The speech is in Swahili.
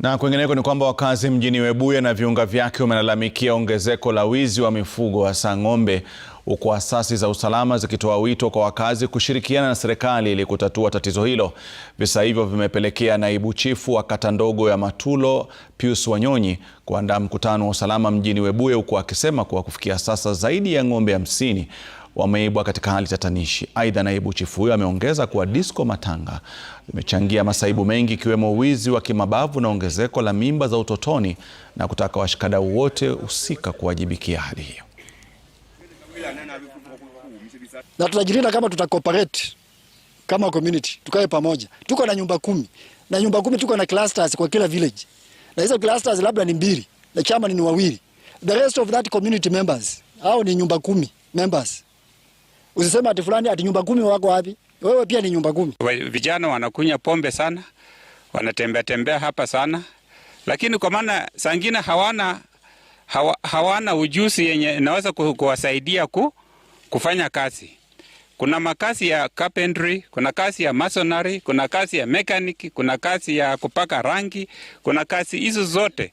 Na kwingineko ni kwamba wakazi mjini Webuye na viunga vyake wamelalamikia ongezeko la wizi wa mifugo hasa ng'ombe, huku asasi za usalama zikitoa wito kwa wakazi kushirikiana na serikali ili kutatua tatizo hilo. Visa hivyo vimepelekea naibu chifu wa kata ndogo ya Matulo Pius Wanyonyi kuandaa mkutano wa usalama mjini Webuye, huku akisema kuwa kufikia sasa zaidi ya ng'ombe hamsini wameibwa katika hali tatanishi. Aidha, naibu chifu huyo ameongeza kuwa disko matanga limechangia masaibu mengi ikiwemo wizi wa kimabavu na ongezeko la mimba za utotoni na kutaka washikadau wote husika kuwajibikia hali hiyo. Na tutajilinda kama tutacooperate kama community, tukae pamoja. Tuko na nyumba kumi na nyumba kumi tuko na clusters kwa kila village, na hizo clusters labda ni mbili na chama ni wawili, the rest of that community members, hao ni nyumba kumi members Usisema ati fulani ati nyumba kumi wako wapi? Wewe pia ni nyumba kumi. Vijana wanakunywa pombe sana, wanatembea tembea hapa sana, lakini kwa maana sangine hawana hawa, hawana ujuzi yenye inaweza kuwasaidia ku, kufanya kazi. Kuna makazi ya carpentry, kuna kazi ya masonary, kuna kazi ya mechanic, kuna kazi ya kupaka rangi, kuna kazi hizo zote.